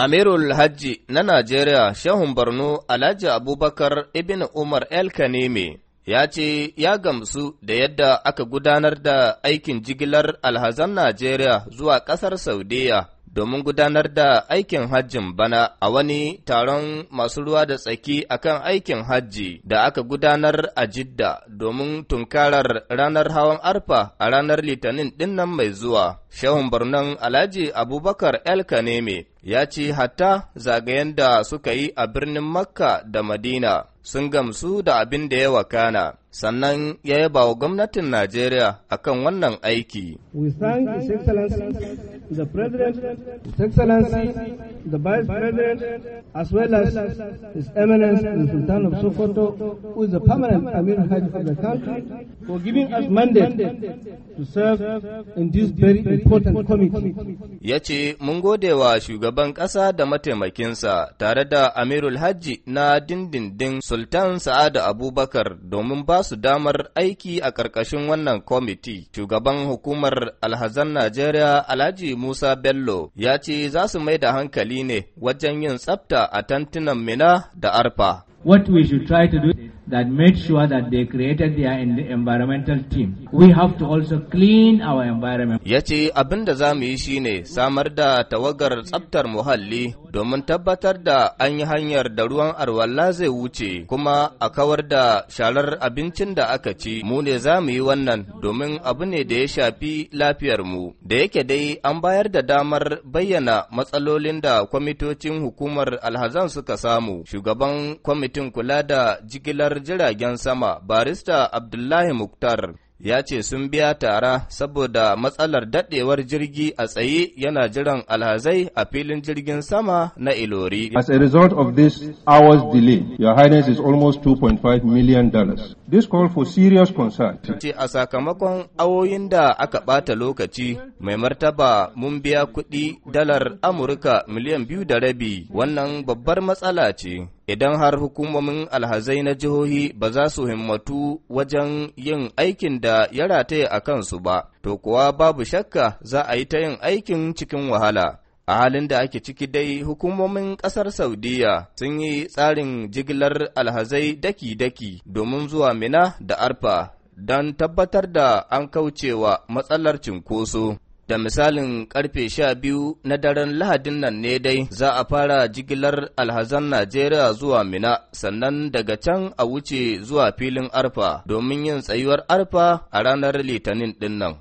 Amirul Hajji na Najeriya Shehun Barno Alhaji Abubakar Ibn Umar El Kanimi ya ce ya gamsu da yadda aka gudanar da aikin jigilar alhazan Najeriya zuwa ƙasar Saudiya domin gudanar da aikin hajjin bana a wani taron masu ruwa da tsaki akan aikin hajji da aka gudanar a Jidda domin tunkarar ranar hawan arfa a ranar Litinin dinnan mai zuwa. Shehun birnin Alhaji Abubakar El Kaneme ya ci hatta zagayen da suka yi a birnin Makka da Madina sun gamsu da abin da ya wakana, sannan ya yaba wa gwamnatin Najeriya akan wannan aiki. the President, His Excellency, the Vice President, as well as His Eminence the Sultan of Sokoto, who is the permanent Amir Hajj of the country, for giving us mandate to serve in this very important committee. Ya ce, Mun gode wa shugaban ƙasa da mataimakinsa tare da Amirul Hajji na dindindin Sultan Sa'ada Abubakar domin ba su damar aiki a ƙarƙashin wannan kwamiti. Shugaban hukumar alhazan Najeriya Alhaji Musa Bello ya ce za su mai da hankali ne wajen yin tsafta a tantunan Mina da Arfa. What we should try to do that made sure that they created their environmental team. We have to also clean our environment. Ya ce abin da za mu yi shi ne samar da tawagar tsabtar muhalli domin tabbatar da an yi hanyar da ruwan arwalla zai wuce kuma a kawar da sharar abincin da aka ci. Mu ne za mu yi wannan domin abu ne da ya shafi lafiyarmu. Da yake dai an bayar da damar bayyana matsalolin da kwamitocin hukumar alhazan suka samu. Shugaban kwamitin kula da jigilar jiragen sama barista Abdullahi Muktar ya ce sun biya tara saboda matsalar daɗewar jirgi a tsaye yana jiran alhazai a filin jirgin sama na Ilori. As a result of this hour's delay, your highness is almost 2.5 million dollars. This call for serious concern. Ce a sakamakon awoyin da aka ɓata lokaci mai martaba mun biya kuɗi dalar Amurka miliyan biyu da rabi wannan babbar matsala ce. idan har hukumomin alhazai na jihohi ba za su himmatu wajen yin aikin da ya rataye a kansu ba, to kuwa babu shakka za a yi ta yin aikin cikin wahala. A halin da ake ciki dai hukumomin ƙasar Saudiya sun yi tsarin jigilar alhazai daki-daki domin zuwa Mina da Arfa don tabbatar da an kaucewa matsalar cinkoso. Da misalin karfe sha biyu na daren Lahadin nan ne dai za a fara jigilar alhazan Najeriya zuwa Mina sannan daga can a wuce zuwa filin Arfa domin yin tsayuwar Arfa a ranar Litinin dinnan.